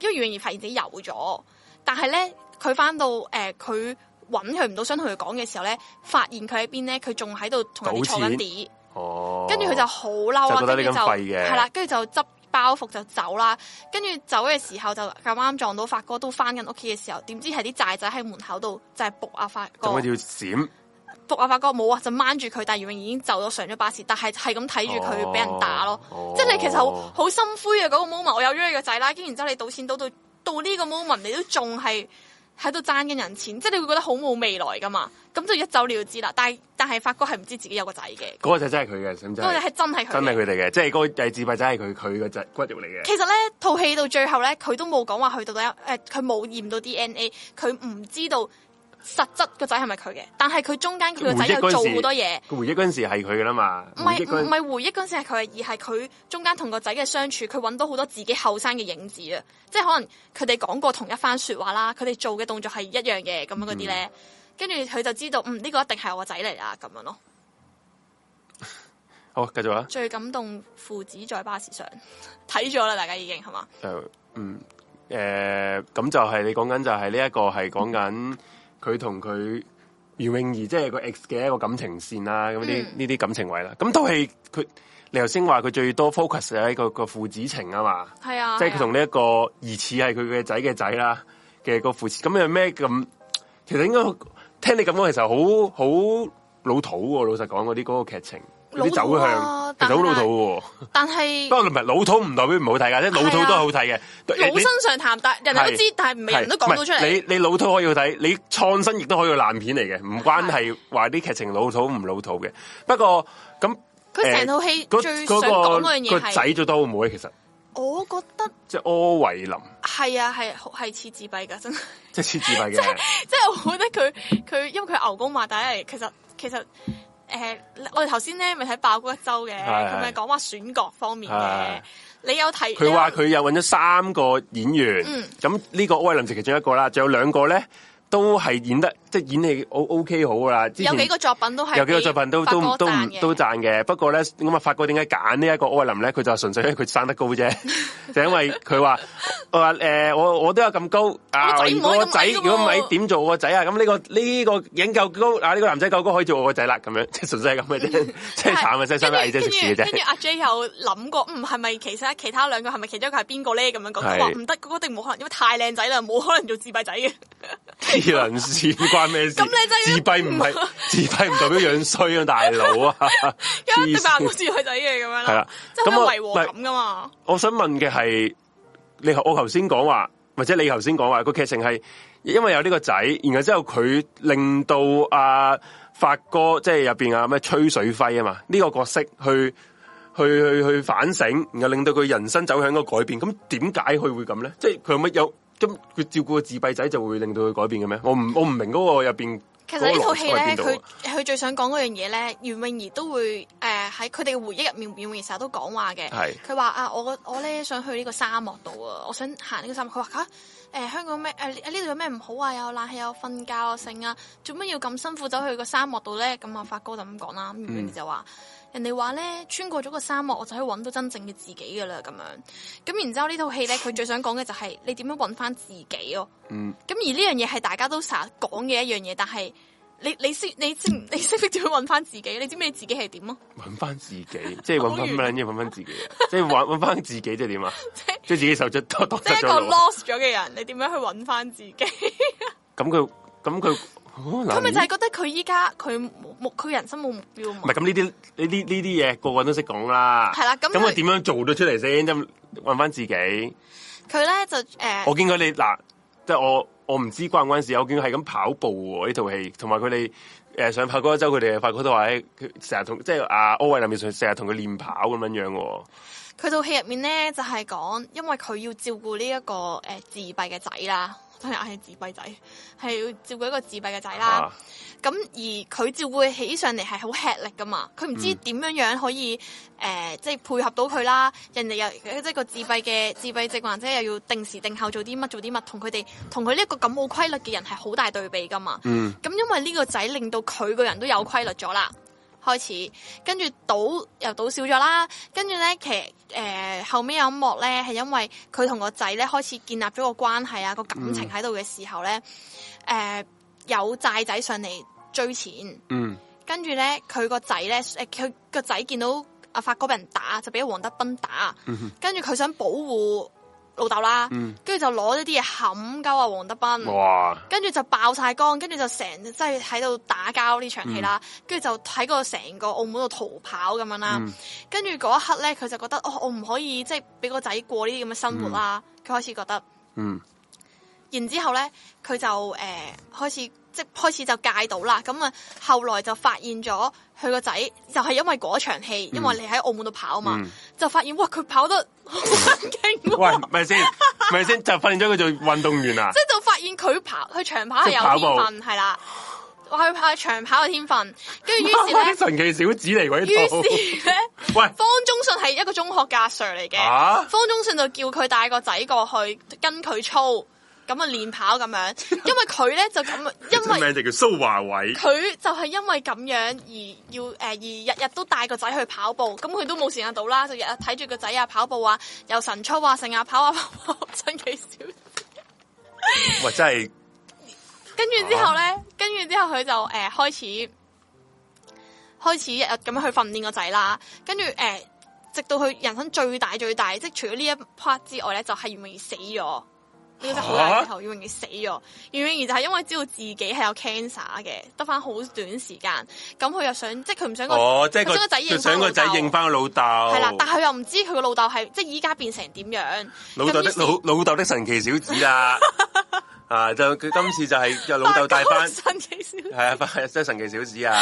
B: 因為越嚟越發現自己有咗，但係咧佢翻到誒，佢揾佢唔到，想同佢講嘅時候咧，發現佢喺邊咧，佢仲喺度同人坐緊碟。
A: 哦，跟住佢就
B: 好嬲啦，跟住就係啦，跟住就執包袱就走啦，跟住走嘅時候就咁啱撞到發哥都翻緊屋企嘅時候，點知係啲債仔喺門口度就係搏啊發哥，做
A: 乜要閃？
B: 仆啊！發哥冇啊，就掹住佢。但余永已經走咗，上咗巴士。但係係咁睇住佢俾人打咯。哦哦、即係你其實好心灰啊！嗰個 moment，我有咗你個仔啦。跟然之後你賭錢賭到到呢個 moment，你都仲係喺度爭緊人錢。即係你會覺得好冇未來噶嘛？咁就一走了之啦。但係但係發哥係唔知自己有個仔嘅。
A: 嗰個仔真係佢嘅，使係真係佢，真係佢哋嘅。即係嗰個誒自閉仔係佢佢個仔骨肉嚟嘅。其
B: 實咧套戲到最後咧，佢都冇講話去到底，誒，佢冇驗到 D N A，佢唔知道。實質個仔係咪佢嘅？但係佢中間佢個仔又做好多嘢。
A: 佢回憶嗰陣時係佢噶啦嘛，唔係唔係
B: 回憶嗰陣時係佢，而係佢中間同個仔嘅相處，佢搵到好多自己後生嘅影子啊。即係可能佢哋講過同一番說話啦，佢哋做嘅動作係一樣嘅咁樣嗰啲咧。跟住佢就知道，嗯呢、這個一定係我個仔嚟啦。咁樣咯，
A: 好繼續啦。
B: 最感動父子在巴士上睇咗啦，大家已經係嘛？
A: 就嗯，誒、呃，咁就係你講緊就係呢一個係講緊。佢同佢袁詠儀即係個 ex 嘅一個感情線啦、啊，咁啲呢啲感情位啦，咁、嗯、都係佢你頭先話佢最多 focus 喺、啊、個個父子情啊嘛，係啊，即係佢同呢一個疑似係佢嘅仔嘅仔啦，嘅個父子咁有咩咁？其實應該聽你咁講，嘅時候好好老土老實講嗰啲嗰個劇情。啲走向老老土喎，
B: 但係不
A: 過唔係老土唔代表唔好睇噶，即老土都係好睇嘅。老生
B: 常談，但係人哋都知，但係唔係人都講到出嚟。你
A: 你老土可以去睇，你創新亦都可以去爛片嚟嘅，唔關係話啲劇情老土唔老土嘅。不過咁，佢成套戲最想講嗰樣嘢係仔最多好唔好？其實
B: 我覺得
A: 即係柯煒林
B: 係啊，係係似自閉噶真，
A: 即係似自閉嘅，
B: 即係我覺得佢佢因為佢牛高馬大，係其實其實。誒、呃，我哋頭先咧咪睇爆谷一周嘅，同埋講話選角方面嘅是的，你有睇佢話佢
A: 又揾咗三個演員，嗯，咁呢個柯煒林是其中一個啦，仲有兩個咧都係演得。即係演戲 O O K 好噶啦，之前有幾個
B: 作品都係，有幾個作品都都都唔都
A: 賺嘅。不過咧，咁啊，發哥點解揀呢一個柯偉林咧？佢就純粹咧，佢生得高啫，就 因為佢話、呃，我話誒，我我都有咁高啊，如果個仔如果唔係點做個仔啊？咁呢、這個呢、這個影夠高啊？呢、這個男仔夠高可以做我個仔啦，咁樣即係純粹係咁嘅啫，即係慘啊，真係生埋藝啫，食屎跟住阿
B: J 又諗過， 嗯，係咪其實其他兩個係咪其中一個係邊是、個咧？咁樣講，佢話唔得，佢一定冇可能，因為太靚仔啦，冇可能做自閉仔
A: 嘅。 自問咁你真自閉唔係？啊、自閉唔代表樣衰 啊，大佬啊！因為你扮唔似佢
B: 仔嘅咁樣啦，真係違和感噶嘛？
A: 我想問嘅係，你我頭先講話，或者你頭先講話個劇情係因為有呢個仔，然後之後佢令到阿發哥即係入邊啊咩吹水輝啊嘛，呢、呢個角色去去去去反省，然後令到佢人生走向一個改變。咁點解佢會咁咧？即係佢有乜有？咁佢照顧個自閉仔就會令到佢改變嘅咩？我唔我唔明嗰個入邊。其實呢套戲咧，佢
B: 佢最想講嗰樣嘢咧，袁詠儀都會誒喺佢哋嘅回憶入面，袁詠儀成日都講話嘅。係佢話啊，我我咧想去呢個沙漠度啊，我想行呢個沙漠。佢話嚇誒香港咩誒呢度有咩唔好啊？有冷氣，有瞓覺啊，成啊，做乜要咁辛苦走去個沙漠度咧？咁啊，發哥就咁講啦。袁詠儀就話。嗯。人哋話咧，穿過咗個沙漠，我就可以揾到真正嘅自己噶啦，咁樣。咁然之後這戲呢套戲咧，佢最想講嘅就係、是、你點樣揾翻自己咯。嗯。咁而呢樣嘢係大家都成日講嘅一樣嘢，但係你你識你識你識得點樣揾翻自己？你知唔知你自己係點咯？
A: 揾翻自己，即係揾翻乜撚嘢？揾翻自己，很圓 即係揾揾翻自己，即係點啊？即係自己受咗，即係一個 lost
B: 咗嘅人，你點樣去揾翻自己？
A: 咁佢，咁佢。佢咪、哦、就係覺
B: 得佢依家佢目佢人生冇目標唔
A: 係咁，呢啲呢啲呢啲嘢，個個都識講啦，係啦，咁咁我點樣做到出嚟先？問翻自己
B: 佢咧就誒、呃，我
A: 見過你嗱，即係我我唔知關唔關事，我見佢係咁跑步喎，呢套戲，同埋佢哋誒上拍嗰一周，佢哋發哥都話誒，成日同即係阿柯煒林成成日同佢練跑咁樣樣。
B: 佢套戲入面咧就係、是、講，因為佢要照顧呢一個誒、呃、自閉嘅仔啦。真係啱啲自閉仔，係要照顧一個自閉嘅仔啦。咁、啊啊、而佢照顧起上嚟係好吃力噶嘛，佢唔知點樣樣可以誒、嗯呃，即係配合到佢啦。人哋又即係個自閉嘅自閉症患者，又要定時定候做啲乜做啲乜，同佢哋同佢呢一個咁冇規律嘅人係好大對比噶嘛。咁、嗯啊、因為呢個仔令到佢個人都有規律咗啦。開始，跟住賭又賭少咗啦，跟住咧其實誒、呃、後面有一幕咧係因為佢同個仔咧開始建立咗個關係啊，個感情喺度嘅時候咧，誒、嗯呃、有債仔上嚟追錢，嗯、跟住咧佢個仔咧佢個仔見到阿發哥俾人打就俾黃德斌打，嗯、跟住佢想保護。老豆啦，跟住、嗯、就攞咗啲嘢冚鳩啊。黃德斌，跟住哇就爆晒缸，跟住就成即係喺度打交呢場戲啦，跟住、嗯、就喺個成個澳門度逃跑咁樣啦，跟住嗰一刻咧，佢就覺得哦，我唔可以即係俾個仔過呢啲咁嘅生活啦，佢、嗯、開始覺得，
A: 嗯，
B: 然之後咧，佢就誒、呃、開始即係開始就戒到啦，咁啊後來就發現咗佢個仔就係因為嗰場戲，嗯、因為你喺澳門度跑嘛。嗯就發現哇，佢跑得好勁！
A: 喂，咪先，咪先，就， 就，就發現咗佢做運動員啊！即係
B: 就發現佢跑，佢長跑係有天份，係啦，我佢跑長跑嘅天份。跟住於是咧， 神
A: 奇小子嚟呢度，於是咧，
B: 喂，方中信係一個中學嘅阿 Sir 嚟嘅。啊、方中信就叫佢帶個仔過去跟佢操。咁啊，練跑咁樣，因為佢咧就咁，因為佢就係因為咁樣而要誒、呃、而日日都帶個仔去跑步，咁佢都冇時間到啦，就日日睇住個仔啊，跑步啊又神出啊成日跑啊跑真幾少，哇
A: 真係！
B: 跟住之後咧，啊、跟住之後佢就誒、呃、開始開始日日咁樣去訓練個仔啦，跟住誒、呃、直到佢人生最大最大，即係除咗呢一 part 之外咧，就係容易死咗。呢、啊、個好大之頭，要令佢死咗。袁詠儀就係因為知道自己係有 cancer 嘅，得翻好短時間，咁佢又想，即係佢唔想個。哦，即係想個仔認翻個認
A: 翻老豆。係啦，但係佢
B: 又唔知佢個老豆係即係依家變成點樣。
A: 老豆的是老老豆的神奇小子啦，啊，就佢今次就係由老豆帶翻神
B: 奇小。
A: 係啊，神奇小子啊！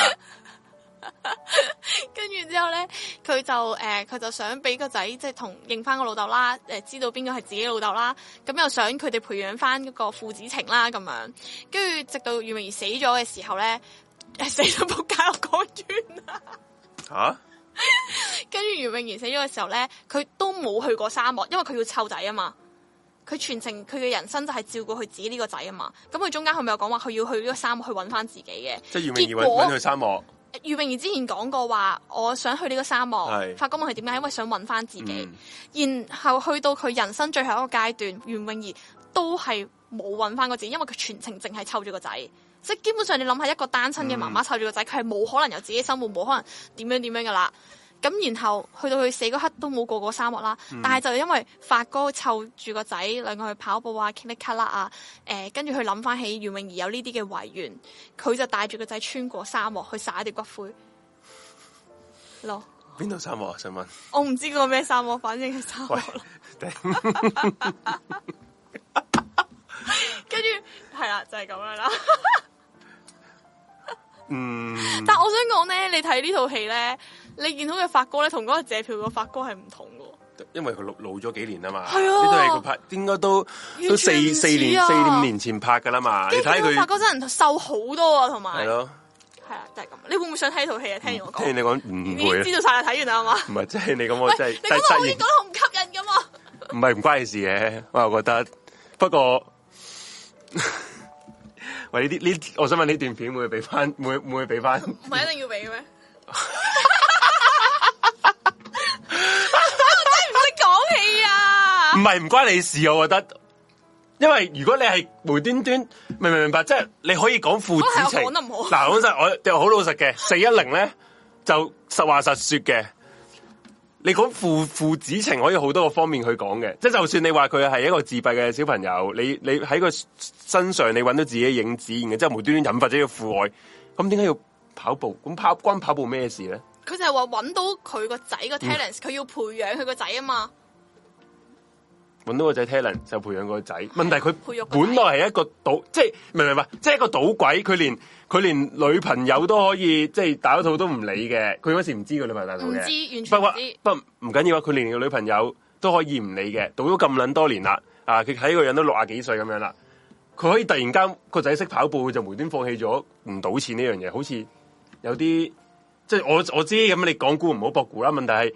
B: 跟住之後咧，佢就誒，佢、呃、就想俾個仔即係同認翻個老豆啦，誒，知道邊個係自己老豆啦。咁又想佢哋培養翻個父子情啦，咁樣。跟住直到袁詠儀死咗嘅時候咧、呃，死咗扑街，我講完
A: 啦。吓、啊？
B: 跟住袁詠儀死咗嘅時候咧，佢都冇去過沙漠，因為佢要湊仔啊嘛。佢全程佢嘅人生就係照顧佢自己呢個仔啊嘛。咁佢中間佢咪有講話，佢要去呢個沙漠去搵翻自己嘅。即係袁詠儀揾去沙漠。袁詠儀之前講過話，我想去呢個沙漠。是發哥問佢點解？因為想揾翻自己。嗯、然後去到佢人生最後一個階段，袁詠儀都係冇揾翻個自己，因為佢全程淨係湊住個仔。即係基本上你諗下，一個單親嘅媽媽湊住個仔，佢係冇可能有自己生活，冇可能點樣點樣噶啦。咁然後去到佢死嗰刻都冇過過沙漠啦，嗯、但係就因為發哥湊住個仔兩個去跑步啊傾偈啦啊，誒跟住佢諗翻起袁詠儀有呢啲嘅遺願，佢就帶住個仔穿過沙漠去撒一啲骨灰咯。
A: 邊度沙漠啊？想問？
B: 我唔知個咩沙漠，反正係沙漠跟住係啦，就係、是、咁樣啦。 嗯。
A: 但
B: 我想講咧，你睇呢套戲咧。你見到嘅發哥咧，同嗰個借票嘅發哥係唔同㗎，
A: 因為佢老咗幾年啊嘛，呢都係佢拍，應該都都四四年四五年前拍噶啦嘛。你睇佢發哥
B: 真係瘦好多啊，同埋係咯，係啊，就係咁。你會唔會想睇套戲啊？聽完我講，
A: 聽完你講唔會，知道
B: 晒啦，睇完啦係嘛？
A: 唔係，即係你咁，我真係。你嗰個導演講得好唔吸引噶嘛？唔係唔關你事嘅，我又覺得。不過，喂，呢呢，我想問呢段片會俾翻，會唔會俾翻？
B: 唔係一定要俾嘅咩？
A: 唔係唔關你事，我覺得，因為如果你係無端端明白明白，即係你可以講父子情，嗱，我真我就好老實嘅，四一零咧就實話實說嘅。你講父父子情可以好多個方面去講嘅，即係就算你話佢係一個自閉嘅小朋友，你你喺佢身上你揾到自己嘅影子，然之後無端端引發咗個父愛，咁點解要跑步？咁跑關跑步咩事咧？
B: 佢就係話揾到佢個仔個 talent，佢要培養佢個仔啊嘛。
A: 搵到個仔 Talent 就培養個仔，問題佢本來係一個賭，即係明唔明白？即係、就是、一個賭鬼，佢連佢連女朋友都可以即係大咗肚都唔理嘅，佢嗰時唔知個女朋友大肚嘅。不過不唔緊要啊，佢連個女朋友都可以唔理嘅，賭咗咁撚多年啦，啊，佢喺個人都六廿幾歲咁樣啦，佢可以突然間個仔識跑步就無端放棄咗唔賭錢呢樣嘢，好似有啲即係我我知咁，你講古唔好駁古啦。問題係。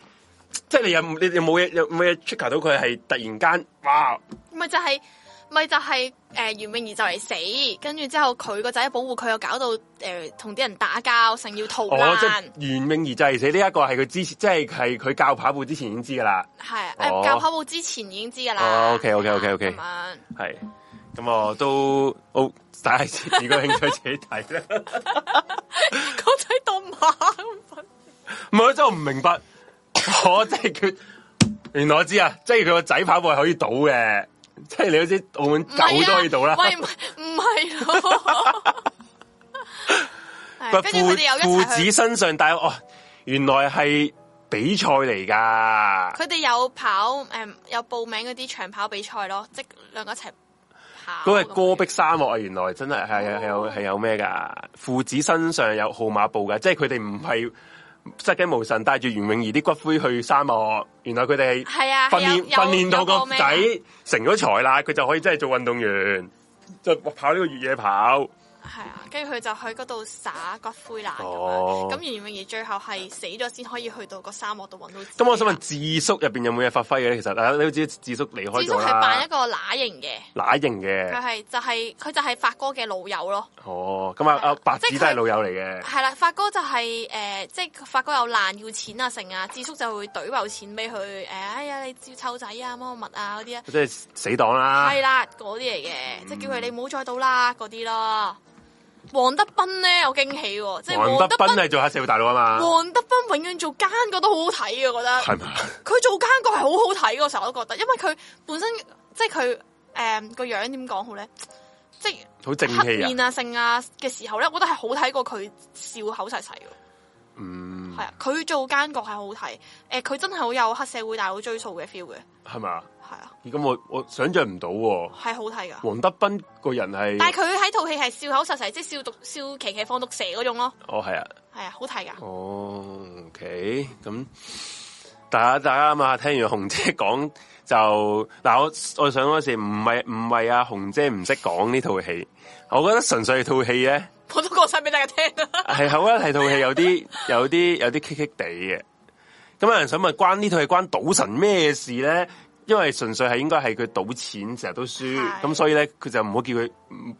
A: 即係你有你有冇嘢有冇嘢 check 到佢係突然間哇是、就
B: 是？咪就係咪就係誒？袁詠儀就嚟死，跟住之後佢個仔保護佢，又搞到誒同啲人打交，成要逃難。
A: 袁詠儀就係、是、死呢一、這個係佢之前，即係係佢教跑步之前已經知噶啦。
B: 係、啊哦、教跑步之前已經知噶啦、哦。
A: OK OK OK OK 樣。係咁啊，都 OK，但係如果興趣 自己睇，講仔當馬咁訓，唔係就唔明白。我即係佢， 原來我知啊，即係佢個仔跑步係可以賭嘅，即係你知澳門狗都可以賭啦。啊、 喂，
B: 唔係唔係，跟住佢哋有父子
A: 身上帶哦，原來係比賽嚟噶。
B: 佢哋有跑誒、呃，有報名嗰啲長跑比賽咯，即係兩個一齊跑。
A: 嗰個係戈壁沙漠啊，原來真係係係係有咩噶？父子身上有號碼布噶，即係佢哋唔係。失驚無神，帶住袁詠儀啲骨灰去沙漠，原來佢哋係訓練訓練到個仔成咗才啦，佢就可以真係做運動員，就跑呢個越野跑。
B: 係啊，跟住佢就去嗰度撒骨灰啦咁啊！咁袁詠儀最後係死咗先可以去到個沙漠度搵到、
A: 啊。咁我想問智叔入邊有冇嘢發揮嘅咧？其實嗱，你都知智叔離開咗啦，智叔係扮一
B: 個乸型嘅。
A: 乸型嘅。佢係
B: 就係、係、佢就係發哥嘅老友咯。
A: 哦，咁啊阿、啊、白子都係老友嚟嘅。係
B: 啦、啊，發、啊、哥就係、是、誒、呃，即係發哥有爛要錢啊，成啊，智叔就會懟有錢俾佢誒，哎呀你照湊仔啊，乜物啊嗰啲啊。即
A: 係死黨、啊啊嗯、啦。係
B: 啦，嗰啲嚟嘅，即係叫佢你唔好再賭啦嗰啲咯。黃德斌咧，有驚喜喎，即係黃德斌係
A: 做下社會大佬啊嘛。黃
B: 德斌永遠做奸角都好好睇嘅，我覺得係咪？佢嗎做奸角係好好睇嗰時候，我都覺得，因為佢本身即係佢誒個樣點講好咧，即係、呃、
A: 好即正氣啊
B: 性啊嘅時候咧，我覺得係好睇過佢笑口噬噬嘅。嗯。係啊，佢做奸角係好睇，誒、呃，佢真係好有黑社會大佬追數嘅 feel 嘅，
A: 係咪吧啊？係啊，咁我我想象唔到喎。
B: 係好睇噶，
A: 黃德斌個人係，但係
B: 佢喺套戲係笑口實實，即係笑毒笑騎騎放毒蛇嗰種咯、啊。哦，係啊，係啊，好睇噶。哦
A: ，OK，咁大家大家啊嘛，聽完紅姐講就，嗱我我想嗰時唔係唔係阿紅姐唔識講呢套戲，我覺得純粹係套戲咧。
B: 我都講晒俾大家聽 啊！
A: 係好啦，係套戲有啲有啲有啲棘棘地嘅。咁有人想問，關，關呢套係關賭神咩事咧？因為純粹係應該係佢賭錢，成日都輸，咁是的 所以咧佢就唔好叫佢，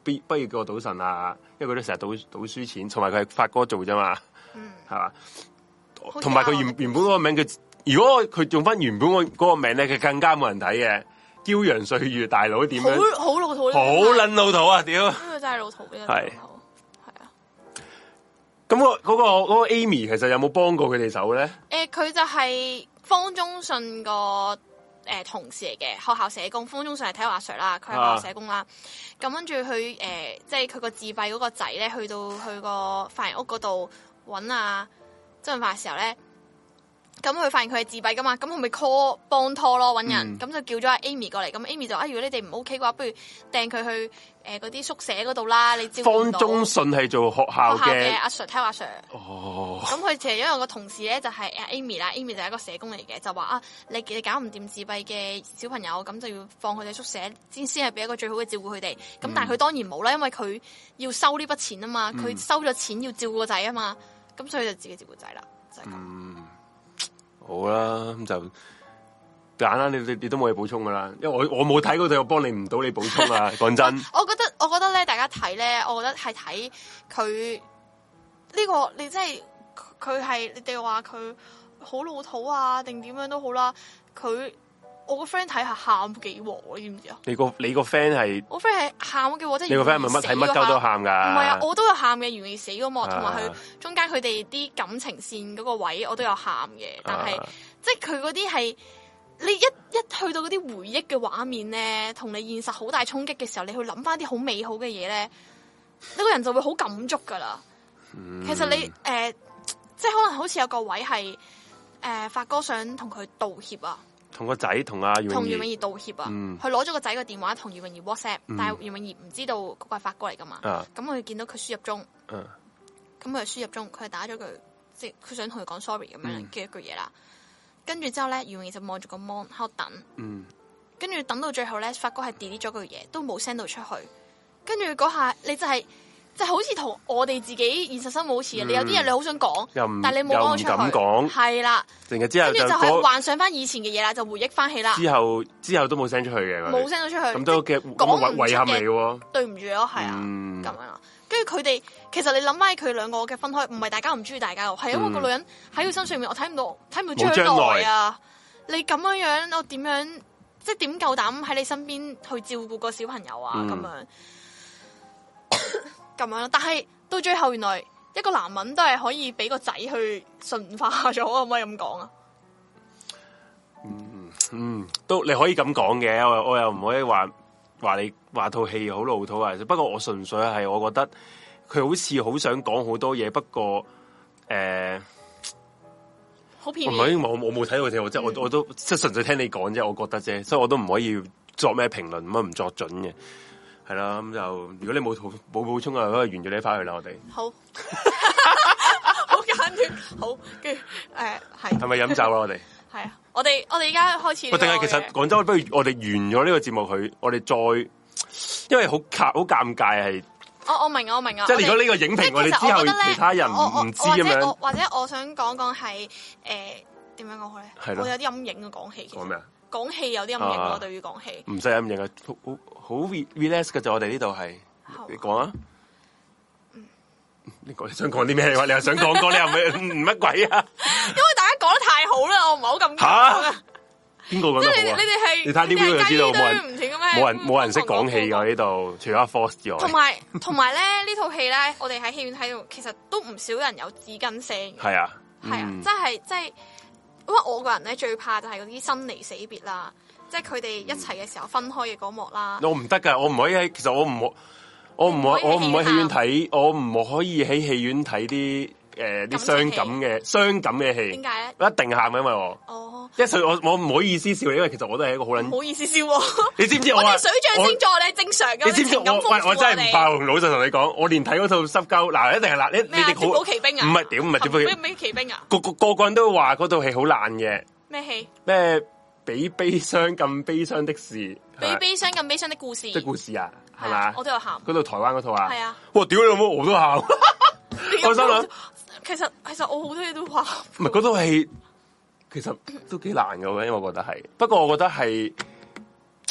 A: 不不如叫我賭神啊！因為佢都成日賭賭輸錢，同埋佢係發哥做啫嘛，係嘛、嗯？同埋佢原原本嗰個名，佢如果佢用翻原本嗰個個名咧，佢更加冇人睇嘅。驕陽歲月大佬點樣
B: 好？好老土，好捻老土啊！屌、啊，真係老土嘅、啊，係、啊。
A: 咁嗰、那個、那個、那個、Amy 其實有冇幫過佢哋手咧？
B: 誒、呃，佢就係方中信個誒、呃、同事嚟嘅，學校社工。方中信體育阿 Sir 啦，佢係學校社工啦。咁、啊、跟住佢誒，即係佢個自閉嗰個仔咧，去到去個飯屋嗰度揾啊，中午飯嘅時候咧。咁佢發現佢係自閉噶嘛，咁佢咪 call 幫拖咯，揾人，咁、嗯、就叫咗阿 Amy 過嚟，咁 Amy 就啊，如果你哋唔 OK 嘅話，不如掟佢去誒嗰啲宿舍嗰度啦，你照顧。方中
A: 信係做學校嘅阿 Sir，聽阿 Sir。哦。咁
B: 佢其實因為個同事咧就係、是、Amy 啦、啊，Amy 就係一個社工嚟嘅，就話啊，你你搞唔掂自閉嘅小朋友，咁就要放佢哋宿舍先，先係俾一個最好嘅照顧佢哋。咁但係佢當然冇啦，因為佢要收呢筆錢啊嘛，佢收咗錢要照顧個仔啊嘛，咁所以就自己照顧仔啦，
A: 就係、是、咁。嗯。好啦，咁就簡單，你你你都冇嘢補充噶啦，因為我我冇睇嗰度，我幫你唔到你補充啊，講 真，
B: 我，我覺得我覺得咧，大家睇咧，我覺得係睇佢呢，呢個，你真係佢係你哋話佢好老土啊，定點樣都好啦，佢。我個 friend 睇下喊幾鑊，你知唔知
A: 啊？你個你個 friend 係
B: 我 friend 係喊嘅，即你個 friend 咪乜睇乜鳩都喊噶？唔係啊，我都有喊嘅，容易死㗎嘛。同埋佢中間佢哋啲感情線嗰個位，我都有喊嘅。但係、啊、即係佢嗰啲係你一一去到嗰啲回憶嘅畫面咧，同你現實好大衝擊嘅時候，你去諗翻啲好美好嘅嘢咧，呢、這個人就會好感觸噶啦。嗯、
A: 其實你
B: 誒、呃，即係可能好似有個位係誒、呃，發哥想同佢道歉啊。
A: 同個仔同阿，同袁詠儀
B: 道歉啊！佢攞咗個仔個電話同袁詠儀 WhatsApp，、嗯、但係袁詠儀唔知道嗰、那個係發哥嚟噶嘛？咁佢見到佢輸入中，咁佢輸入中，佢打咗句即係佢想同佢講 sorry 咁樣嘅一句嘢啦。就是嗯、跟住之後咧，袁詠儀就望住個 mon 喺度等，嗯、跟住等到最後咧，發哥係 delete 咗句嘢，都冇 send 到出去。跟住嗰下，你就係、是。就好似同我哋自己現實生活好似嘅，你有啲嘢你好想講，但係你冇講出去，係啦，
A: 淨係只係就幻
B: 想翻以前嘅嘢啦，就回憶翻起啦。之
A: 後之後都冇 send 出去嘅，冇 send 咗出去，咁都嘅，講遺憾嚟嘅，
B: 對唔住咯，係啊，
A: 咁樣啊。跟
B: 住佢哋，其實你諗翻佢兩個嘅分開，唔係大家唔中意大家，係因為個女人喺佢身上面，我睇唔到，睇唔到將來啊！你咁樣樣，我點樣即係點夠膽喺你身邊去照顧個小朋友啊？咁樣。咁樣，但係到最後，原來一個男人都係可以俾個仔去馴化咗，可唔可以咁講啊？嗯嗯，
A: 都你可以咁講嘅，我又我又唔可以話話你話套戲好老土啊。不過我純粹係我覺得佢好似好想講好多嘢，不過誒，好、呃、偏唔係我冇睇到嘅，我即係我我都即係純粹聽你講啫，我覺得啫，所以我都唔可以作咩評論，乜唔作準嘅。係啦，咁就如果你冇冇補充啊，可以完咗你翻去啦，我哋
B: 好，好簡單，好，跟住誒係係咪飲酒啦？我哋係啊，我哋我哋而家開始。我定係其實
A: 廣州不如我哋完咗呢個節目佢，我哋再因為好卡好尷尬係。
B: 我我明啊，我明啊，即係如果呢個影評，我哋之後其他人唔知咁樣。或者我想講講係誒點樣講好咧？我有啲陰影嘅講戲講咩啊？講
A: 戲有啲咁型咯，對於講戲，唔使咁型啊，好好 relax 嘅，就我哋呢度係，你講啊、嗯，你講想講啲咩？你又想講歌？你又唔乜鬼啊？
B: 因為大家講得太好啦，我唔好咁吓。
A: 邊個講得好？ 你哋係你睇啲片就知道冇人冇人冇人識講戲嘅，呢度，除咗 Force 之外。同
B: 埋同埋咧呢套戲咧，我哋喺戲院睇到，其實都唔少人有紙巾聲。
A: 係啊、係、嗯、啊，即
B: 係即係。因為我個人咧最怕就係嗰啲生離死別啦，即係佢哋一齊嘅時候分開嘅嗰幕
A: 啦。我唔得噶，我唔可以喺，其實我唔我我唔我我唔喺戲院睇，我唔可以喺戲院睇啲。誒，啲傷感嘅傷感嘅戲，點解咧？一定喊嘅，因為我，即係我我唔好意思笑，因為其實我都係一個好捻唔
B: 好意思笑。你知唔知我話水象星座，你正常嘅。你知唔知我真係唔怕，
A: 老實同你講，我連睇嗰套濕鳩，嗱一定係嗱你你哋好。奇兵啊？唔係，屌唔係。城堡奇
B: 兵啊？
A: 個個個個人都話嗰套戲好爛嘅。咩戲？咩比悲傷更悲傷的事？比悲
B: 傷更悲傷的故事？即故事啊，係咪？我都有喊。嗰
A: 套台灣嗰套啊？係啊。我屌你老母，我都喊。開心啦！
B: 其實其實我好多嘢都話
A: 唔係嗰套戲，其實都幾難嘅，因為我覺得係。不過我覺得係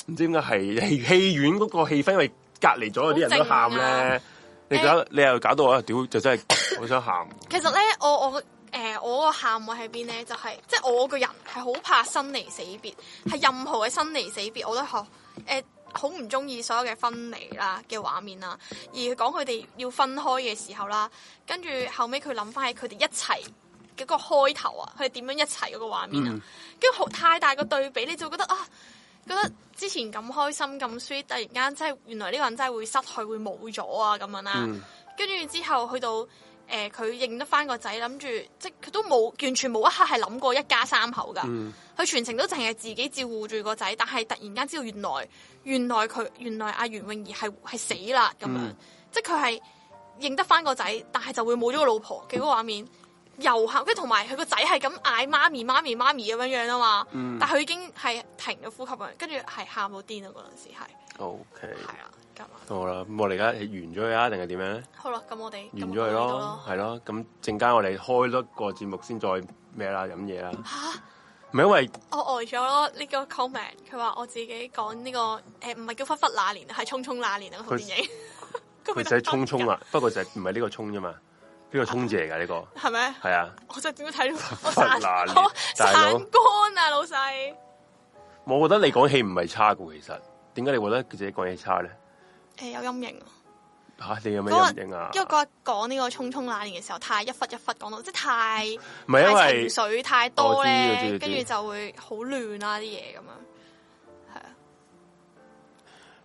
A: 唔知點解係戲戲院嗰個氣氛，因為隔離咗有啲人都喊咧，啊、你搞、欸、你又搞到我啊！屌就真係好想喊。
B: 其實咧，我我誒，我個喊、呃、位喺邊咧，就係即係我個人係好怕生離死別，係任何嘅生離死別，我都學誒。欸好唔中意所有嘅分離啦嘅畫面啦，而講佢哋要分開嘅時候啦，跟住後尾，佢諗翻起佢哋一齊嗰個開頭啊，佢哋點樣一齊嗰個畫面啊，跟住好太大個對比，你就覺得啊，覺得之前咁開心咁 sweet，突然間即係原來呢個人真係會失去會冇咗啊咁樣啦、啊，跟住、嗯、之後去到誒佢、呃、認得翻個仔，諗住即係佢都冇完全冇一刻係諗過一家三口噶。嗯佢全程都淨係自己照顧住個仔，但係突然間知道原來原來佢原來阿袁詠儀係係死啦咁樣，嗯、即係佢係認得翻個仔，但係就會冇咗個老婆嘅嗰個畫面，又喊，跟住同埋佢個仔係咁嗌媽咪媽咪媽咪咁樣樣啊嘛，嗯、但係佢已經係停咗呼吸啊，跟住係喊到癲啊嗰陣時
A: 係，O K，係好啦，咁我哋而家完咗佢啊，定係點樣咧？
B: 好啦，咁我哋完
A: 咗了佢咯，係咯，咁陣間我哋開多個節目先，再咩啦，飲嘢啦，吓。唔係因為
B: 我呆咗咯，呢個 comment 佢話我自己講呢個誒唔係叫忽忽那年，係匆匆那年啊套好電影。
A: 佢就係匆匆啊，不過就係唔係呢個衝啫嘛，邊個衝字㗎噶呢個？係咪？係啊！
B: 我就點樣睇到？我散我散光啊老細！
A: 我覺得你講戲唔係差噶，其實點解你覺得自己講嘢差咧？
B: 誒有陰影。
A: 吓、啊、你有咩陰影啊？因為
B: 嗰日講呢個《匆匆那年》嘅時候，太一忽一忽講到，即係太，唔
A: 係 因為水太,太多咧，跟住就
B: 會好亂啦啲嘢咁樣。
A: 係啊，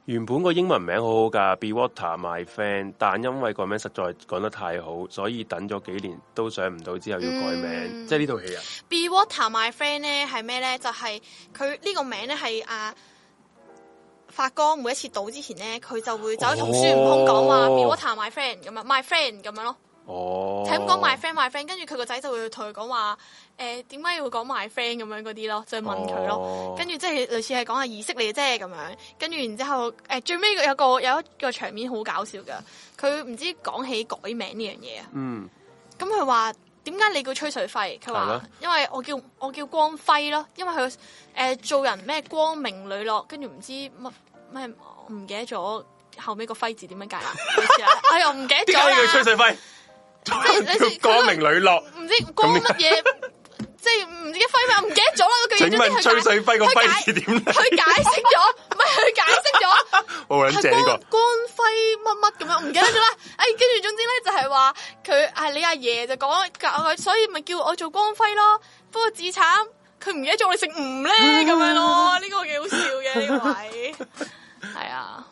A: 原本個英文名很好好噶，Be Water My Friend，但因為那個名實在講得太好，所以等咗幾年都上唔到，之後要改名，即係呢套戲啊。
B: Be Water My Friend 咧係咩咧？就係佢呢個名咧係啊。發哥每一次賭之前咧，佢就會走同孫悟空講話，be what my friend 咁啊，my friend 咁樣咯。
A: 哦，係咁講 my friend
B: my friend，跟住佢個仔就會同佢講話，誒、欸，點解要講 my friend 咁樣嗰啲咯？就問佢咯。跟住即係類似係講下儀式嚟嘅，即係咁樣。跟住然之後，誒、欸，最尾有個有一個場面好搞笑噶，佢唔知講起改名呢樣嘢啊。咁佢話點解你叫吹水輝？佢話嗎因為我叫我叫光輝咯，因為佢誒、欸、做人咩光明磊落，跟住唔知乜。唔記得咗後尾個輝字點樣解試試、 哎、記啦？哎呀，唔記得咗啊！點解要吹
A: 水輝？光明磊落，唔
B: 知光乜嘢？即係唔知個輝咩？唔記得咗啦！個叫咩？請問吹
A: 水輝個輝字點？佢
B: 解釋咗，唔係佢解釋咗。係光輝乜乜咁樣？唔記得咗啦 哎、就是！哎，跟住總之咧就係話佢係你阿爺就講，所以咪叫我做光輝咯。不過最慘佢唔記得咗我哋姓吳咧，咁樣咯。呢個幾好笑嘅呢位。
A: 係啊，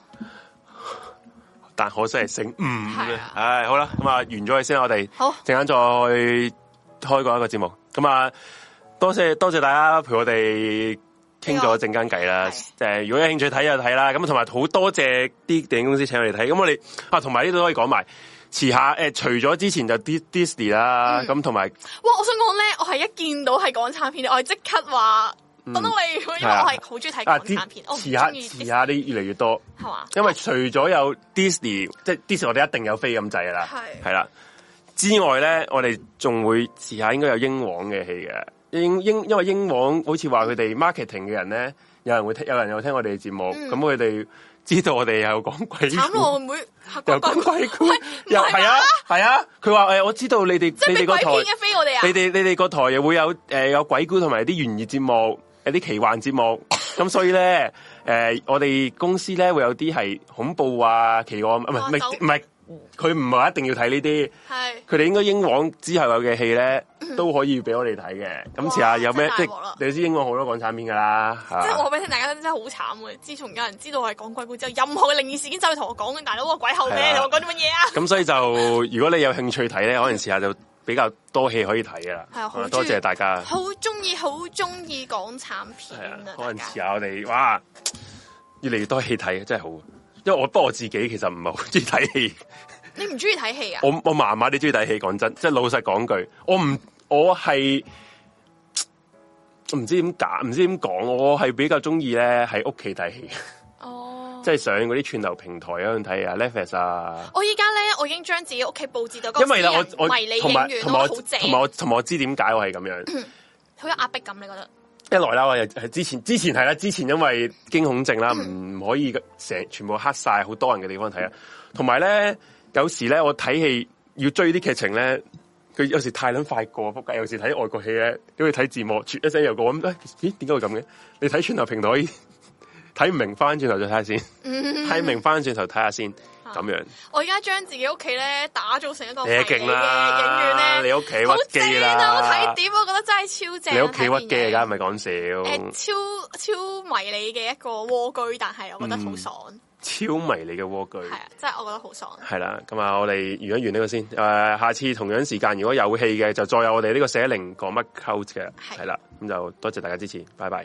A: 但可惜係醒。五咧。唉，好啦，咁啊，完咗佢先，我哋好陣間再開過一個節目。咁啊好，多謝多謝大家陪我哋傾咗陣間偈啦。誒，如果有興趣睇就睇啦。咁同埋好多謝啲電影公司請我哋睇。咁我哋啊，同埋呢度可以講埋，遲下誒、呃，除咗之前就 Disney 啦，咁同埋
B: 哇，我想講咧，我係一見到係港產片，我係即刻話。
A: 講，因為，我係好中意睇港產片。遲下，遲下啲越嚟越多係嘛？因為除咗有 Disney，即係 Disney，我哋一定有飛咁滯噶啦，係啦。之外咧，我哋仲會遲下應該有英皇嘅戲嘅。英英因為英皇好似話佢哋 marketing 嘅人咧，有人會聽，有人有聽我哋嘅節目，咁佢哋知道我哋又講鬼。慘咯，我妹又講鬼故，又係啊，係啊。佢話誒，我知道你哋你哋個台飛我哋啊，你哋你哋個台又會有誒有鬼故同埋啲懸疑節目。有啲奇幻節目，咁所以咧，誒、呃，我哋公司咧會有啲係恐怖啊、奇幻、啊，唔係唔係，佢唔係一定要睇呢啲，係是，佢哋應該英皇之後有嘅戲咧都可以俾我哋睇嘅，咁遲下有咩，即係你知英皇好多港產片噶啦，係我
B: 俾你聽大家真係好慘嘅，自從有人知道我係講鬼故之後，任何嘅靈異事件就會同我講，大佬我鬼后咩？同我講啲乜嘢啊？咁、
A: 啊、所以就如果你有興趣睇咧，可能遲下就。比較多戲可以睇嘅喇，多謝大家喜歡。好
B: 中意好中意港產片啊！啊大家 可能遲
A: 下我哋哇，越嚟越多戲睇，真係好。因為我不過我自己其實唔係好中意睇戲。
B: 你唔中意睇戲啊？我
A: 我麻麻地中意睇戲，講真，即係老實講句，我唔我係唔知點講，唔知點講，我係比較中意咧喺屋企睇戲。即係上嗰啲串流平台嗰樣睇啊，Netflix 啊。
B: 我依家咧，我已經將自己屋企布置到個。因為啦，我我同埋同埋同埋我
A: 同埋我，我知點解我係咁樣，
B: 好 有壓迫感。你覺
A: 得？一來啦，又係之前之前係啦，之前因為驚恐症啦，唔 可以成全部黑晒好多人嘅地方睇啊。同埋咧，有時咧我睇戲要追啲劇情咧，佢有時太捻快過，仆街。有時睇外國戲咧，都要睇字幕，一聲又過咁。誒，咦？點解會咁嘅？你睇串流平台？睇唔明，翻轉頭再睇下先。
B: 睇明，
A: 翻轉頭睇下先，咁樣。
B: 我而家將自己屋企咧打造成一個迷你嘅影院
A: 咧。你屋企屈機啦，睇點？
B: 我覺得真係超正。你屋企屈機，梗係
A: 唔係講笑。誒，超
B: 超迷你嘅一個蝸居，但係我
A: 覺得好爽。超迷你嘅蝸居，係啊，即係我覺得好爽。係啦，咁啊，我哋完一完呢個先。誒，下次同樣時間，如果有戲嘅，就再有我哋呢個寫靈講乜 Cult 嘅。係啦，咁就多謝大家支持，拜拜。